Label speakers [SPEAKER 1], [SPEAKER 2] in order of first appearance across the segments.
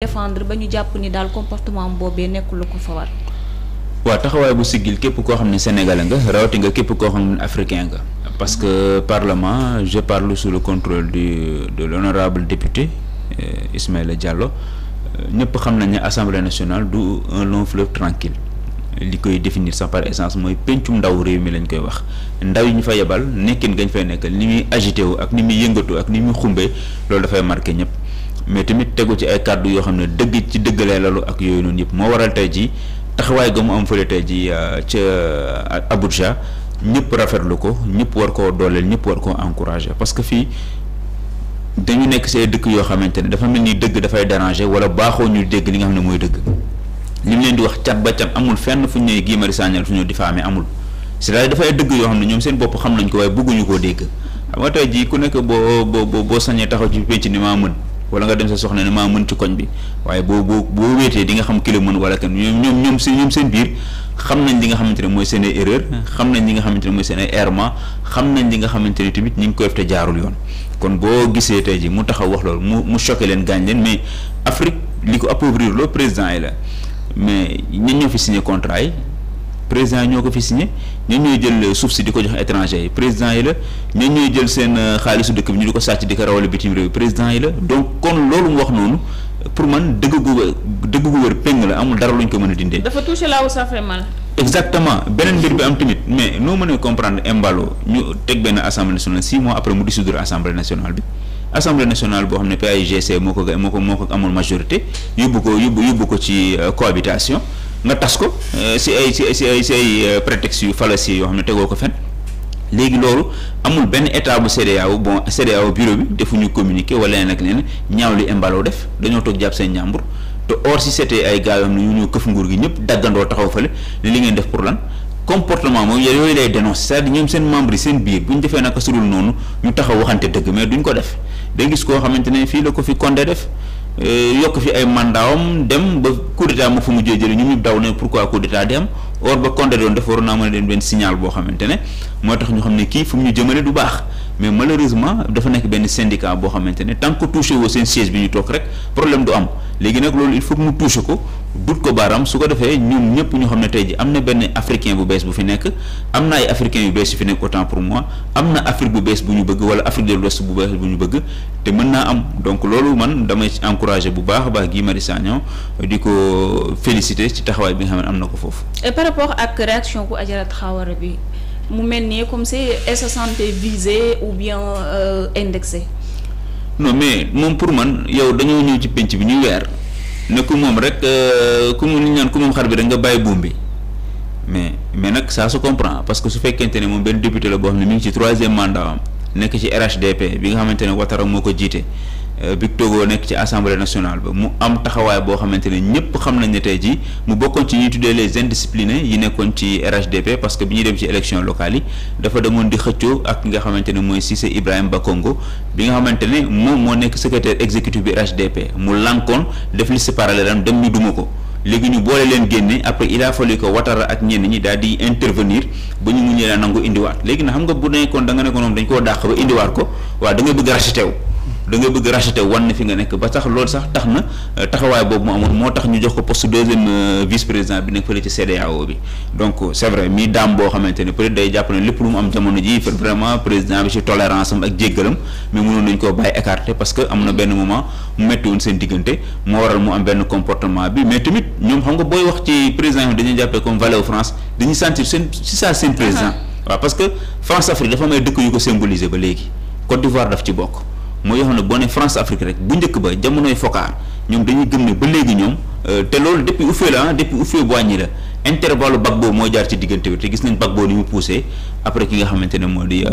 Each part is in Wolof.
[SPEAKER 1] défendre ba ñu jàpp ni daal comportement boobee nekkul la ko fa war. waaw taxawaay bu siggil képp koo xam ne sénégalais nga rawati nga képp koo xam ne africain nga parce que parlement je parle sous le contrôle du de l'honorable député euh, Ismaïla Diallo euh, ñëpp xam nañ ne assemblée nationale du un long fleuve tranquille li koy définir sa par essence mooy pencum ndaw réew mi lañ koy wax ndaw yi ñu fa yebal nekkin gañ fay nekkal ni muy agité wu ak ni muy yëngatu ak ni muy xumbee loolu dafay marqué ñëpp. mais tamit tegu ci ay kàddu yoo xam ne dëgg ci dëggalee lalu ak yooyu noonu yëpp moo waral tey jii taxawaay ga mu am fële tey jii euh, ca euh, Abuja ñëpp rafetlu ko ñëpp war koo dooleel ñëpp war ko encourager parce que fii dañu nekk ci dëkk yoo xamante ne dafa mel ni dëgg dafay déranger wala baaxoo ñu dégg li nga xam ne mooy dëgg li mu leen di wax cat ba amul fenn fu ñu nee Guy Marius Sagna fu ñu diffamé amul cest à dafay dëgg yoo xam ne ñoom seen bopp xam nañ ko waaye bëgguñu koo dégg xam nga tey jii ku nekk boo boo boo sañee taxaw ci penc ni maa mën. wala nga dem sa soxna ne maa mën ci koñ bi waaye boo boo boo wéetee di nga xam ki la mën wala kan ñoom ñoom ñoom seen seen biir xam nañ li nga xamante ne mooy seen ay ah. xam nañ li nga xamante ne mooy seen ay errement xam nañ li nga xamante ni tamit ñu ngi koy def te jaarul yoon kon boo gisee tey ji mu taxaw wax loolu mu mu choqué leen gaañ leen mais Afrique li ko appauvrir loo président yi la mais ñan ñoo fi signé contrat yi président yi ñoo ko fi signé ñoo ñooy jël suuf si di ko jox étranger yi président yi la ñoo ñooy jël seen euh, xaalisu dëkk bi ñu di ko sàcc di ko rawale bitim réew président yi la donc kon loolu mu wax noonu pour man dëgg gu dëgg gu wër péng la amul dara lu ko mën a dindee. dafa touché là où ça fait mal. exactement beneen mbir bi am tamit mais noo mën a comprendre imbalo ñu teg benn assemblée nationale six mois après mu dissoudre assemblée nationale bi. assemblée nationale boo xam ne PAIGC moo ko moo ko moo ko amul majorité yóbbu ko yóbbu yóbbu ko ci euh, cohabitation. nga tas ko euh, si ay si ay si ay si ay euh, prétextes yu fallacieux yoo xam ne tegoo ko fen léegi loolu amul benn état bu CEDEAO bon CEDEAO bureau bi defuñu communiqué wala leneen ak leen ñaaw li Embalo def dañoo toog jàpp seen ñaambur te or si c'était ay gars yoo xam ne ñu ñëw këf nguur gi ñëpp daggandoo taxaw fële ni li ngeen def pour lan comportement moom yooyu lay dénonce c'est-à-dire ñoom seen membre yi seen biir bu ñu defee naka sudul noonu ñu taxaw waxante dëgg mais duñ ko def day gis koo xamante ne fii la ko fi Condé def Euh, yokk fi ay mandaawam dem ba coup d'état moo fa mujjee jëlee ñun ñu daw ne pourquoi coup d'état di am or ba Condé doon def waroon naa mën a dem benn signal boo xamante ne moo tax ñu xam ne kii fu mu ñu jëmale du baax mais malheureusement dafa nekk benn syndicat boo xamante ne tant que touché woo seen siège bi ñu toog rek problème du am léegi nag loolu il faut mu touché ko. dut ko baaraam su ko defee ñun ñëpp ñu xam ne tey ji am na benn africain bu bees bu fi nekk am na ay africain yu bees yu fi nekk autant pour moi na Afrique bu bees bu ñu bëgg wala Afrique de l'Ouest bu bees bu ñu bëgg te mën naa am donc loolu man damay encourager bu baax a baax Guy Marius Sagna di ko féliciter ci taxawaay bi nga xam ne am na ko foofu. et par rapport ak réaction bu Adjara Traoré bi mu mel ni comme si elle se sentait visée ou bien euh, indexée. non mais moom pour man yow dañoo ñëw ci penc bi ñuy weer. ne ku moom rek euh, ku mu ni ñaan ku moom xar bi rek nga bàyyi buum bi mais mais nag ça se comprend parce que su fekkente ne moom benn député la boo xam ne mi ngi ci troisième mandat am nekk ci RHDP bi nga xamante ne Ouattara moo ko jiite Euh, Big Togo nekk ci assemblée nationale ba mu am taxawaay boo xamante ne ñëpp xam nañ ne tey jii mu bokkoon ci ñuy tuddee les indisciplinés yi nekkoon ci RHDP parce que bi ñuy dem ci élection locale yi dafa demoon di xëccoo ak nga xamante ne mooy Cissé Ibrahima Bakongo bi nga xamante ne moom moo nekk secrétaire exécutif bi RHDP mu lànkoon def liste parallèle am dem ñu duma ko. léegi ñu boole leen génne après il a fallu ko Ouattara ak ñenn ñi daal di intervenir ba ñu mu ñëwee nangu indiwaat léegi na xam nga bu nekkoon nga ne dañ koo dàq ba indiwaat ko waaw da nga bëgg racheté da nga bëgg racheter wan ne fi nga nekk ba sax lool sax tax na euh, taxawaay boobu mu amoon moo tax ñu jox ko poste deuxième euh, vice président bi nekk fële ci CEDEAO bi donc euh, c'est vrai mi daam boo xamante ne peut être day jàpp ne lépp lu mu am jamono ji vraiment président bi ci tolérance am ak jéggalam mais mënoon nañ koo bàyyi écarté parce que am na benn moment mu metti woon seen diggante moo waral mu am benn comportement bi mais tamit ñoom xam nga booy wax ci président yi dañuy jàppee comme valet au France seen si saa seen président ah. waaw parce que France Afrique dafa may ko symboliser ba léegi Côte d'Ivoire daf ci bokk mooy yoo xam ne boo ne France Afrique rek bu njëkk ba jamonoy fokaar ñoom dañuy gën ne ba léegi ñoom Euh, te loolu depuis Houphouët la ah depuis Houphouët Boigny la intervalle Gbagbo mooy jaar ci diggante bi te gis nañ Gbagbo ni mu poussé après ki nga xamante euh, euh,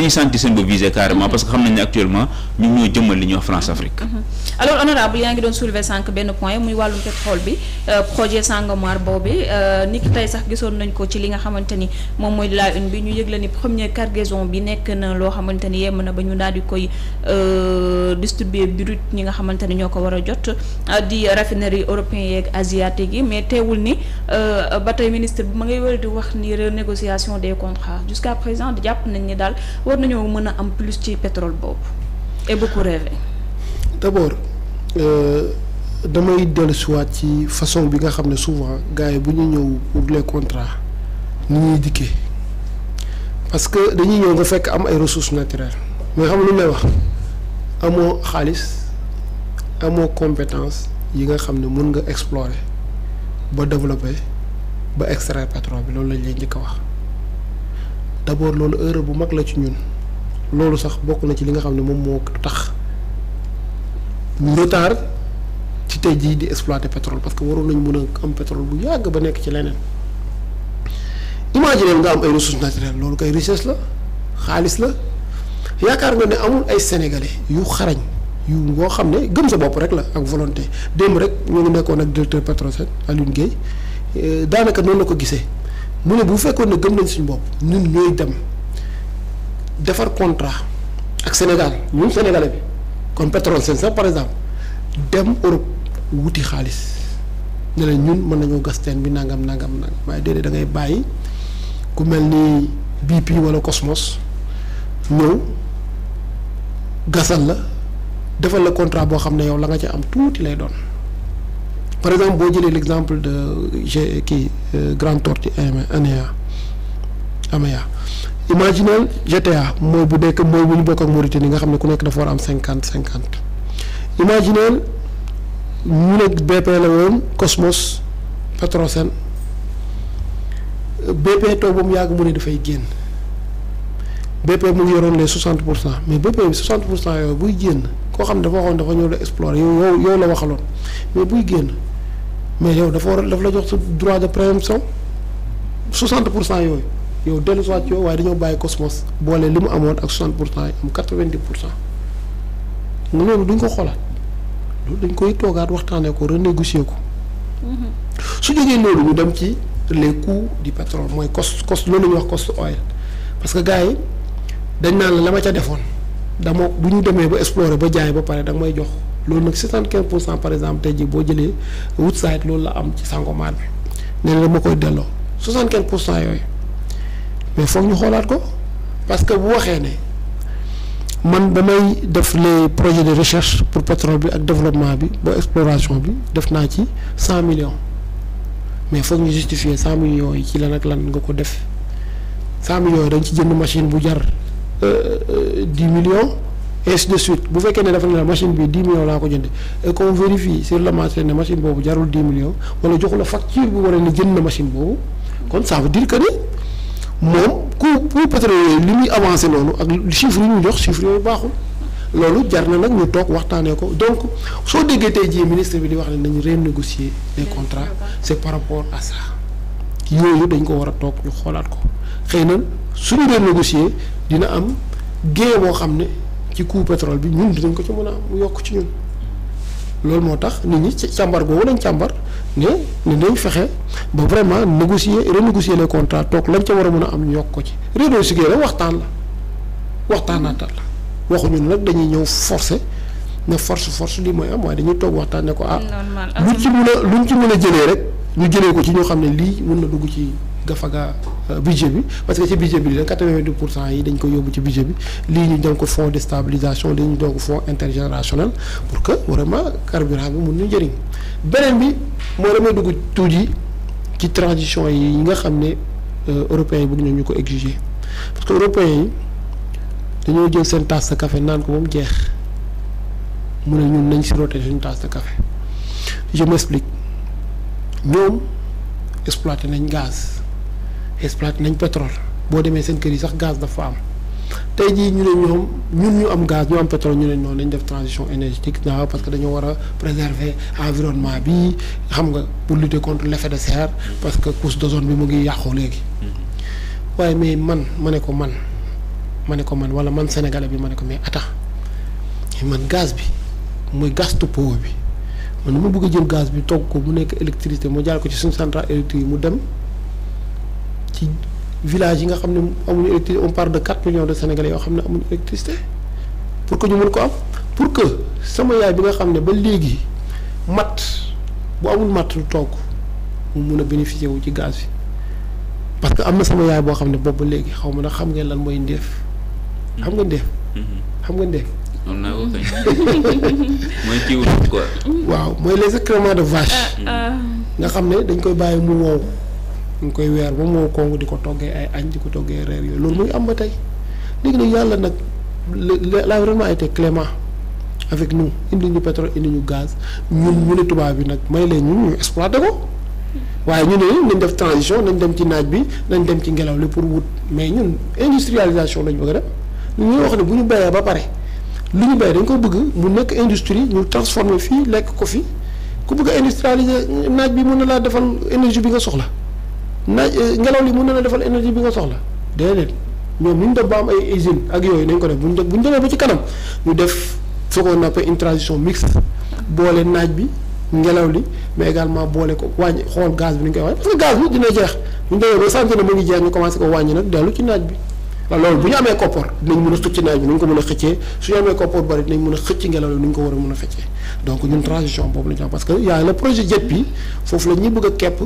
[SPEAKER 1] mhm. xam nañ ne actuellement ñun ñoo jëmmal li ñuy wax France Afrique mhm. alors honorable yaa ngi doon soulever sànq benn point muy wàllum pétrole bi projet Sangomar boobu ni nañ ko ci li nga xamante ni moom mooy la une bi ñu yëg la ni première cargaison bi nekk na loo xamante ni yemm na ba ñu daal di koy distribuer brut ñi nga xamante ne ñoo ko war a jot ah, di raffinerie européen yeeg asiatique yi mais teewul ni euh, ba tey ministre bi ma ngay war di wax ni renégociation des contrat jusqu'à présent jàpp nañ ni daal war nañoo mën a am plus ci pétrole boobu et beaucoup rêvé.
[SPEAKER 2] d'abord euh, damay dellusiwaat ci façon bi nga xam ne souvent gars yi bu ñu ñëw pour les contrats ni ñuy dikkee parce que dañuy ñëw nga fekk am ay ressources naturelles mais xam lu may wax. amoo xaalis amoo compétence yi nga xam ne mun nga explorer ba développer ba extraire pétrole bi loolu lañ leen njëkk a wax d'abord loolu erreur bu mag la ci ñun loolu sax bokk na ci li nga xam ne moom moo tax retard ci tey jii di exploiter pétrole parce que waroon nañ mun a am pétrole bu yàgg ba nekk ci leneen imaginer nga am ay ressources naturelles loolu koy richesse la xaalis la. yaakaar nga ne amul ay sénégalais yu xarañ yu ngoo xam ne gëm sa bopp rek la ak volonté démb rek ñu ngi nekkoon ak directeur Petrosen Alioune Guèye euh, daanaka noonu la ko gisee mu ne bu fekkoon ne gëm nañ suñu bopp ñun ñooy dem defar contrat ak Sénégal ñun sénégalais bi kon Petrosen sax par exemple dem Europe wuti xaalis ne la ñun mën nañoo gas teen bi nangam nangam nangam waaye déedéet da ngay bàyyi ku mel ni BP wala Cosmos ñëw. gasal la defal la contrat boo xam ne yow la nga ca am tuuti lay doon par exemple boo jëlee l' exemple de G kii euh, Grand Tortue AMEA AMEA imaginel GTA mooy bu nekk mooy bu ñu bokk ak Mauritanie nga xam ne ku nekk dafa war am cinquante cinquante imaginel ñu ne BP la woon Cosmos Petrosen BP toog mu yàgg mu ne dafay génn. BP mu ngi yoroon les 60 pour cent mais BP bi 60 pour cent yooyu buy génn koo xam ne dafa waxoon dafa ñëw la explorer yow yow la waxaloon mais buy génn mais yow dafa war daf la jox sa droit de préemption 60 pour cent yooyu yow dellu si waat yow waaye dañoo bàyyi Cosmos boole li mu amoon ak 60 pour cent yi am 90 pour cent nga loolu duñ ko xoolaat loolu dañ koy toogaat waxtaanee ko renégocier ko. Mm-hmm. su jógee loolu ñu dem ci les coûts du pétrole mooy cost cost loolu la wax cost oil parce que gars dañ naan la la ma ca defoon dama bu ñu demee ba explorer ba jaay ba pare da nga may jox loolu nag 75 pour cent par exemple tey jii boo jëlee Woodside loolu la am ci Sangomar bi nee na dama koy delloo 75 pour cent yooyu mais foog ñu xoolaat ko parce que bu waxee ne man ba may def les projets de recherche pour pétrole bi ak développement bi ba exploration bi def naa ci cent million mais foog ñu justifier 100 millions yi ci lan ak lan nga ko def 100 millions yi dañ ci jënd machine bu jar. Euh, euh, dix millions et ainsi de suite bu fekkee ne dafa ne la machine bi dix millions laa ko jënd et qu'on vérifie sur le marché ne machine boobu jarul dix millions wala joxu la facture bu wane ne jënd na machine boobu kon ça veut que ni moom coût coût pétrole yooyu li muy avancé loolu ak chiffres yi ñu jox chiffres yooyu baaxul loolu jar na nag ñu toog waxtaanee ko donc soo déggee tey jii ministre bi di wax ne nañu renégocier les contrat c'est par rapport à ça yooyu dañ ko war a toog ñu xoolaat ko. xëy na suñu dee négocier dina am gain boo xam ne ci coût pétrole bi ñun dinañ ko ci mën a am yokk ci ñun loolu moo tax nit ñi càmbar boobu lañ càmbar ne ne dañ fexe ba vraiment négocier renégocier les contrats toog lañ ca war a mën a am yokk ko ci renégocier la waxtaan la waxtaanaatal la waxuñu nag dañuy ñëw forcer ne force force lii mooy am waaye dañuy toog waxtaan ne ko ah luñ ci mën a luñ ci mën a jëlee rek ñu jëlee ko ci ñoo xam ne lii mën na dugg ci gafaga Euh, budget bi parce que ci budget bi li pour cent yi dañ ko yóbbu ci budget bi lii ñu donc fonds de stabilisation lii ñu donc fonds intergénérationnel pour que vraiment carburant bi mun ñu njëriñ beneen bi moo damay dugg tuuti ci transition yi nga xam ne euh, européens yi bëgg nañu ko exiger parce que européens jël seen tasse de café naan ko moom jeex mu ne ñun nañ si roté suñu tasse de café ñoom exploité nañ gaz exploité nañ pétrole boo demee seen kër yi sax gaz dafa am tey jii ñu ne ñoom ñun ñu am gaz ñu am pétrole ñu ne noonu nañ def transition énergétique na parce que dañoo war a préserver environnement bi xam nga pour lutter contre l' de serre parce que couche d'ozone bi mu ngi yàqu léegi waaye mais man ma ne ko man ma ne ko man wala man sénégalais bi ma ne ko mais attends man gaz bi muy gaz to bi man nu ma bëgg jël gaz bi togg ko mu nekk électricité mu jaal ko ci suñu centrale électrique mu dem ci village yi nga xam ne amuñu électricité on parle de 4 millions de sénégalais yoo xam ne amuñu électricité pour que ñu mën ko am pour que sama yaay bi nga xam ne ba léegi matt bu amul mat lu togg mu mun a bénéficier wu ci gaz bi parce que am na sama yaay boo xam ne boob ba léegi xaw ma nag xam ngeen lan mooy ndeef xam nga ndeef mm-hmm. xam nga ndeef moom waaw mooy les excréments de vache. Ah, ah. nga xam ne dañ koy bàyyi mu wow. ñu ngi koy weer ba moo kong di ko toggee ay añ di ko toggee reer yooyu loolu muy am ba tey léegi nag yàlla nag la vraiment été clément avec nous indi ñu pétrole indi gaz ñun ñu ne bi nag may leen ñu ñu exploité ko waaye ñu ne nañ def transition nañ dem ci naaj bi nañ dem ci ngelaw li pour wut mais ñun industrialisation lañu bëgg a dem ñu wax ne bu ñu béyee ba pare lu ñu béy dañ ko bëgg mu nekk industrie ñu transformer fii lekk ko fii ku bëgg a industrialiser naaj bi mën na laa defal énergie bi nga soxla. naaj eh, ngelaw li mën na la defal énergie bi nga soxla déedéet ñoom ñu def ba am ay usine ak yooyu nañ ko def bu ñu bu ñu demee ba ci kanam ñu def ce qu'on appelle une transition naaj bi ngelaw li mais également boole ko wàññi xool gaz bi ni dellu ci naaj bi. waaw loolu bu ñu amee koppar a xëcc naaj a xëccee su ñu amee koppar ngelaw li ni ko war a mën a feccee donc ñun transition boobu la ñu parce que y a projet JETP foofu la ñuy bëgg a kepp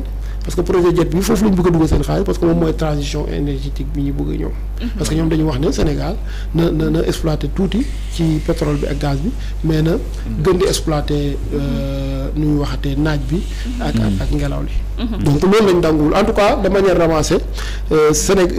[SPEAKER 2] parce que projet jet bi foofu la ñu bëgg a dugal seen xaalis parce que moom mooy transition énergétique bi ñu bëgg a mhm. parce que ñoom dañu wax ne Sénégal na na na exploité tuuti ci pétrole bi ak gaz bi mais na mhm. gën di exploité euh, nu waxatee naaj bi. Mhm.
[SPEAKER 1] ak ngelaw li. donc loolu lañ dànguwul en tout cas de manière ramassée euh, Sénégal